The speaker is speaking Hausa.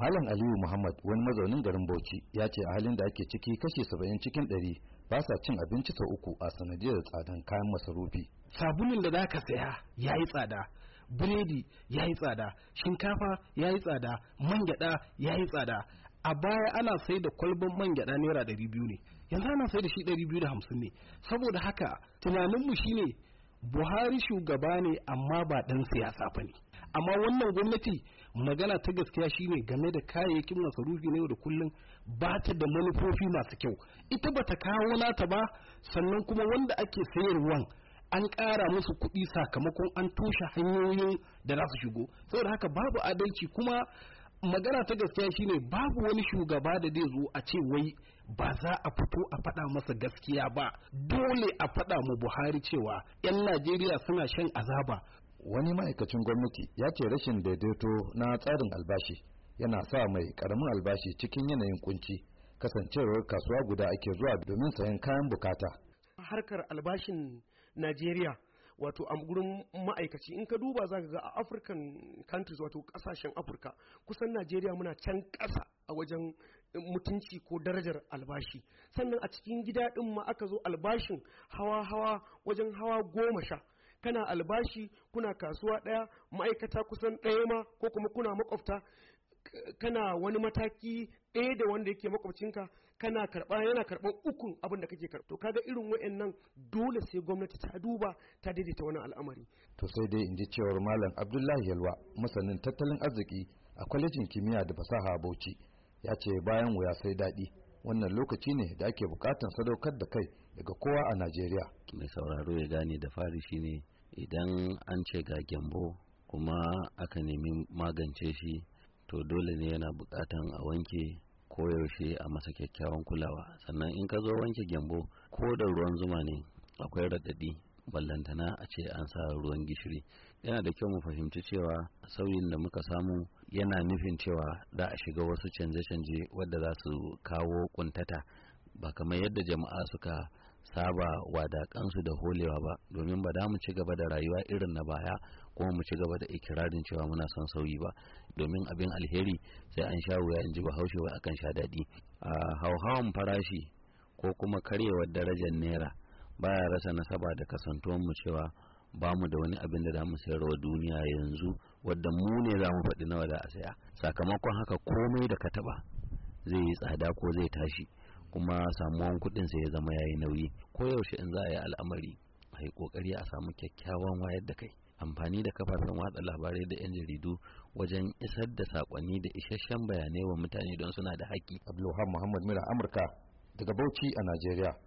malam aliyu muhammad wani mazaunin garin bauchi ya ce a halin da ake ciki kashi saba'in cikin ɗari ba sa cin abinci sau uku a sanadiyar tsadan kayan masarufi sabulun da zaka saya ya yi tsada biredi ya yi tsada shinkafa ya yi tsada man gyada ya yi tsada a baya ana sai da kwalban man gyada naira ɗari biyu ne yanzu ana sai da shi ɗari biyu da hamsin ne saboda haka tunaninmu shine buhari shugaba ne amma ba ɗan siyasa ba ne amma wannan gwamnati magana ta gaskiya shine game da kayayyakin masarufi na yau da kullum ba ta da manufofi masu kyau ita bata kawo nata ba sannan kuma wanda ake sayarwan an ƙara musu kuɗi sakamakon an toshe hanyoyin da za su shigo saboda haka babu adalci kuma magana ta gaskiya shine babu wani shugaba da zai zo a ce wai ba za a fito a faɗa masa gaskiya ba dole a faɗa mu buhari cewa 'yan najeriya suna shan azaba wani ma'aikacin gwamnati ya ce rashin daidaito na tsarin albashi yana sa mai karamin albashi cikin yanayin kunci kasancewar kasuwa guda ake zuwa domin sayan kayan bukata harkar albashin najeriya wato a gurin ma'aikaci in ka duba za ga a african countries wato kasashen afirka kusan najeriya muna can ƙasa a wajen mutunci ko darajar albashi sannan a cikin gida ɗin ma aka zo albashin hawa-hawa wajen hawa goma sha kana albashi kuna kasuwa ɗaya ma'aikata kusan ɗaya ma ko kuma kuna makwabta kana wani mataki ɗaya da wanda yake makwabcinka kana karɓa yana karɓar uku abin da kake karɓa to kaga irin wa'annan dole sai gwamnati ta duba ta daidaita wani al'amari to sai dai in ji cewar malam abdullahi yalwa masanin tattalin arziki a kwalejin kimiyya da fasaha bauchi ya ce bayan wuya sai daɗi wannan lokaci ne da ake bukatan sadaukar da kai daga kowa a najeriya mai sauraro ya gane da fari shine idan an ce ga gyambo kuma aka nemi magance shi to dole ne yana bukatan a wanke koyaushe a masa kyakkyawan kulawa sannan in ka zo wanke gyambo ko da ruwan zuma ne akwai raɗaɗi ballantana a ce an sa ruwan gishiri yana da kyau mu fahimci cewa sauyin da muka samu yana nufin cewa za a shiga wasu canje-canje wadda za su kawo kuntata ba kamar yadda jama'a suka saba wadakansu da holewa ba domin ba da mu ci gaba da rayuwa irin na baya kuma mu ci gaba da ikirarin cewa muna son sauyi ba domin abin alheri sai an sha wuya in ji bahaushe akan sha daɗi a hauhawan farashi ko kuma karyewar darajar naira baya rasa nasaba da kasantuwan mu cewa ba mu da wani abin da za mu wa duniya yanzu wadda mu ne za mu faɗi nawa za a saya sakamakon haka komai da ka taɓa zai yi tsada ko zai tashi kuma samuwan kuɗin sai ya zama yayi nauyi ko yaushe in za a yi al'amari a yi ƙoƙari a samu kyakkyawan wayar da kai amfani da kafafen watsa labarai da 'yan jaridu wajen isar da saƙonni da isasshen bayanai wa mutane don suna da haƙƙi. Abdulhamid Muhammad Mira Amurka daga Bauchi a Najeriya.